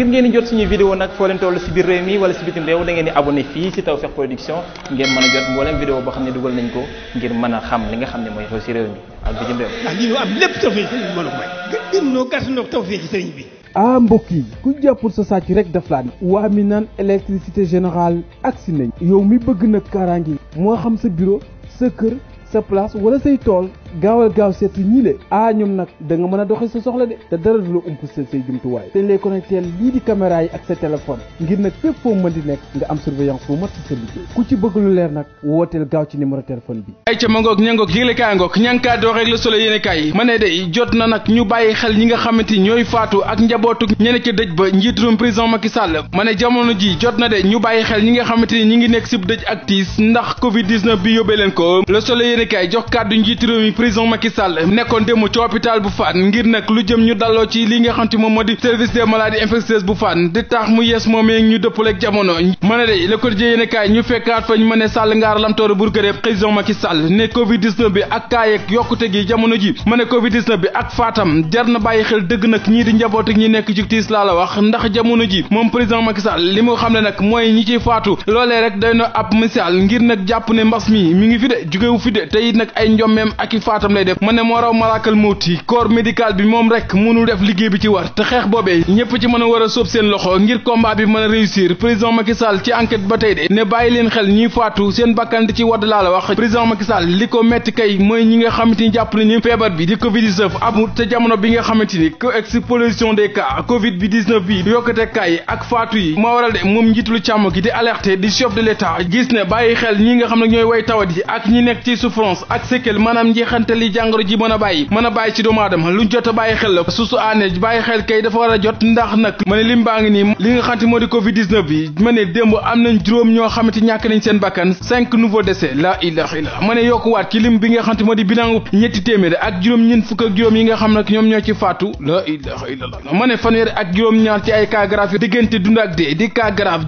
ngir ngeen di jot suñu vidéo nag foo leen toll si biir réew mi wala si bitim réew da ngeen di abonné fii si Tawfekh Production ngeen mën a jot mboolem vidéo boo xam ne dugal nañ ko ngir mën a xam li nga xam ne mooy xew si réew mi ak bitim réew. ndax am lépp tawfeex ci sëriñ bi mën a ah, mbokk yi ku jàppul sa sàcc rek daf laa ne. waa mi naan général ak si nañ. yow mi bëgg na kaaraange yi. moo xam sa biro sa kër sa place wala say tool gaawal gaaw seetlu ñii le ah ñoom nag da nga mën a doxee sa soxla de te dara du la ump sa say jumtuwaay dañ lay connecté lii di caméra yi ak sa téléphone ngir nag fépp foo mën di nekk nga am surveillance bu mat si sa liggéey ku ci bëgg lu leer nag wooteel gaaw ci numéro téléphone bi ay ca ma ngoog ña ngoog yëgle kaa ngoog ña ngi kaa doo rek la solo ma ne de jot na nag ñu bàyyi xel ñi nga xamante ñooy faatu ak njabootu ñene ca dëj ba njiitum président Macky Sall ma ne jamono ji jot na de ñu bàyyi xel ñi nga xamante ni ñi ngi nekk sib dëj ak tiis ndax covid 19 bi leen ko solo yéene jox kàddu njiit prison Macky Sall nekkoon démb ci hôpital bu Fann ngir nag lu jëm ñu dalloo ci li nga di service des maladies infectieuses bu Fann di tax mu yees moom ñu dëppaleeg jamono ma ne de le quotidien yéen kaay ñu fekkaat fañ ma ne Sall ngaar lamtooru burgëre prison Macky Sall ne covid bi ak kaayeg yokkute gi jamono ji ma covid bi ak faatam jar na bàyyi xel dëgg nag ñii di njaboot ñi nekk ci laa la wax ndax jamono ji moom président faatam lay def mu ne moo raw malakal mawti médical bi moom rek mënul def liggéey bi ci war te xeex boobee ñëpp ci mën a war a seen loxo ngir combat bi mën a réussir président Macky ci enquête ba tey de ne bàyyi leen xel ñiy faatu seen bakkan ci wadd laa wax président Macky li ko metti kay mooy ñi nga xamante ni jàpp feebar bi di covid amut te jamono bi nga xamante ni que explosion des cas covid bi bi yokkate kay ak faatu yi moo waral de moom njiitulu càmm dàqante li jàngoro ji mën a bàyyi a bàyyi ci a bàyyi xel la susu aane bàyyi xel kay dafa war a jot ndax nag ma ne lim baa ngi nii li nga xamante moo di covid 19 bi ci lim bi nga xam nag ñoom ñoo ci faatu la ilaha illa ak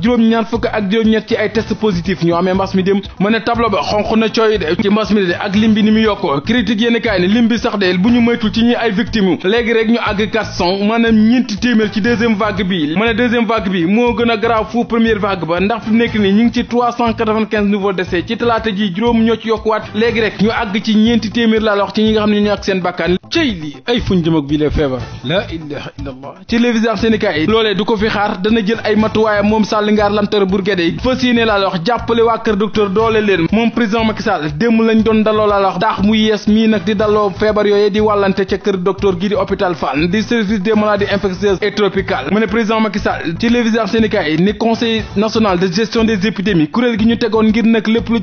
juróom-ñaar fukk ak juróom-ñett ci ay test positif ñoo amee mbas mi dem ma ne tableau ba xonq na cooy de ci mbas mi de ak lim bi ni mu yokkoo critique yéen kaay ne lim bi sax de bu ñu moytul ci ñi ay victimes yu léegi rek ñu àgg quatre cent maanaam ñeenti téeméer ci deuxième vague bi ma ne vague bi moo gën a garaaw fu première vague ba ndax fi nekk nii ñu ngi ci trois cent quatre-vingt-quinze nouveaux décès ci talaata ji juróom ñoo ci yokkuwaat léegi rek ñu àgg ci ñeenti téeméer laa ci ñi nga xam ne ñu ak seen bakkan cëy lii ay fuñ jëm ak bii feebar la ilaha illallah loolee du ko fi xaar dana jël ay matuwaayam moom Sall Ngaar Lamtare Bourguédé yi fas yéene laa la wax jàppale waa kër docteur doole leen moom président Macky Sall démb lañ doon daloo laa la wax daax mu yees mii nag di daloo feebar yooyee di wàllante ca kër docteur gi di hôpital Fann di service des maladies infectieuses et tropicales mu ne président Macky Sall télévision Sénégal yi ni conseil national de gestion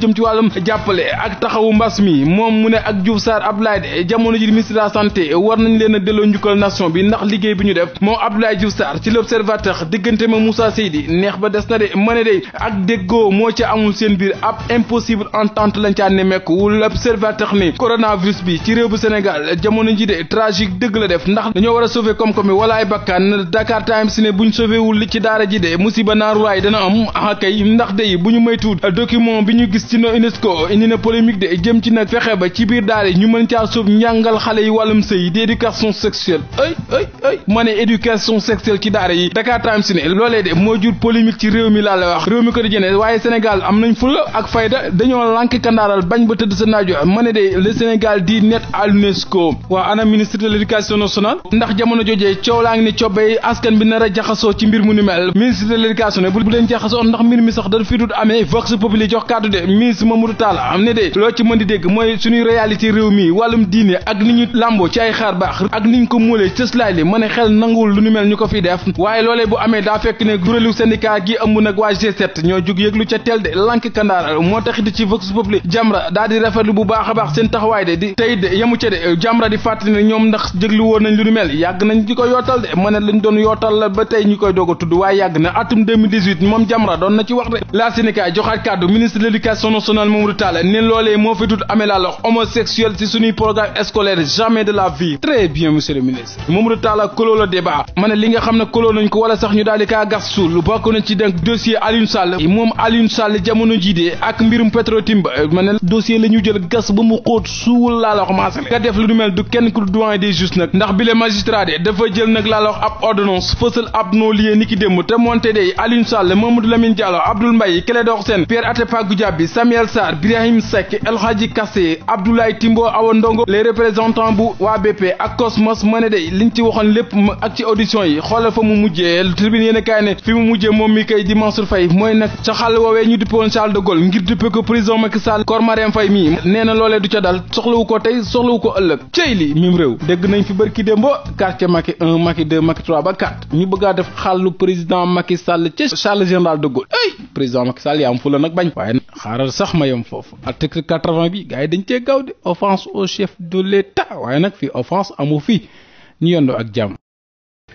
ci wàllum jàppale ak taxawu mbas mi moom mu ne ak Diouf Sarr santé war nañ leen a delloo njukkal nation bi ndax liggéey bi ñu def moom Abdoulaye Diouf Sarr ci l'observateur diggante ma Moussa Seydi neex ba des na de ma ne de ak déggoo moo ca amul seen biir ab impossible entente lañ caa nemmeeku l'observateur ni coronavirus bi ci réew bu Sénégal jamono ji de tragique dëgg la def ndax dañoo war a sauver koom-koom yi Dakar Times ne buñ sauver li ci daara ji de musiba naaruraay dana am ah kay ndax de bu ñu bi ñu gis ci no UNESCO indi na polémique wàllum sëy di éducation sexuelle ay ay ay ma ne éducation sexuelle ci daara yi Dakar Times ne loolee de moo jur polémique ci réew mi laa wax réew mi ko di jëne waaye Sénégal am nañ fulla ak fayda dañoo lànk kandaaral bañ ba tëdd sa naajo ma ne de le Sénégal di net à l'UNESCO waa ana ministre de l'éducation nationale ndax jamono jojee coow laa ngi ne cobbee askan bi nar jaxasoo ci mbir mu ni mel ministre de am ne de loo ci mën di dégg mooy suñuy réalité réew jumbo ci ay xaar baax ak niñ ko muulee cëslaay li ma ne xel nanguwul lu ñu mel ñu ko fi def waaye loolee bu amee daa fekk ne kuréelu syndicat gi ëmb nag waa g ñoo jug yëglu ca teel de lank kandaar moo taxit ci vox populi jamra daa di rafetlu bu baax a baax seen taxawaay de di tey de yemu ca de jamra di fàttali ne ñoom ndax jëglu woon nañ lu ñu mel yàgg nañ di ko yootal de ma ne lañ doon yootal la ba tey ñu koy doog a tudd waaye yàgg na atum moom de la vie très bien monsieur le ministre Mamadou Talla koloo la débat ma ne li nga xam ne koloo nañ ko wala sax ñu daal kaa gas suul bokk na ci donc dossier Aliou Sall moom Aliou Sall jamono jii de ak mbirum Petrotimba euh, ma ne dossier la jël gas ba mu xóot suul laa la nga def lu du du kenn ku doyen des juges nag ndax bi le de dafa jël nag laa ab ordonnance fësal ab non lié ni ki te moonte de Aliou Sall Mamadou Lamine Diallo Abdoul waa BP ak Cosmos ma ne day liñ ci waxoon lépp ak ci audition yi xoolal fa mu mujjee tribune yéen a kaay ne fi mu mujjee moom mi kay di Mansour mooy nag ca xàll woowee ñu duppewoon Charles de Gaulle ngir duppe ko prison Macky Sall kor Marième mii nee loolee du ca dal soxlawu ko tey soxlawu ko ëllëg cey li mim réew dégg nañ fi bërki démbo quartier Macky 1 Macky 2 Macky 3 ba 4 ñu bëggaa def xàllu président Macky Sall ca Charles général de Gaulle ay président Macky Sall yaa la nag bañ waaye xaaral sax ma foofu article 80 bi gars yi dañ cee gaaw de offense au waaye nag fi offense amu fi ñu yendoo ak jàmm.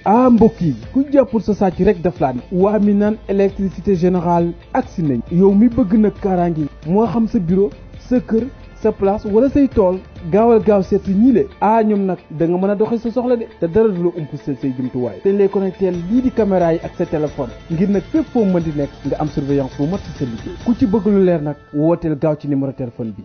Ah, mbokk yi ku jàppul sa sàcc rek daf laa ne waa mi naan électricité générale agsi nañ yow mi bëgg nag kaaraange moo xam sa bureau sa kër sa place wala say tool gaawal gaaw seet si ñii le ah ñoom nag danga nga mën a doxe sa soxla de te dara du la ump seen say jumtuwaay te ñu lay lii di caméra yi ak sa téléphone ngir nag fépp foo mën di nekk nga am surveillance bu mat sa liggéey ku ci bëgg leer nag wooteel gaaw ci numéro téléphone bi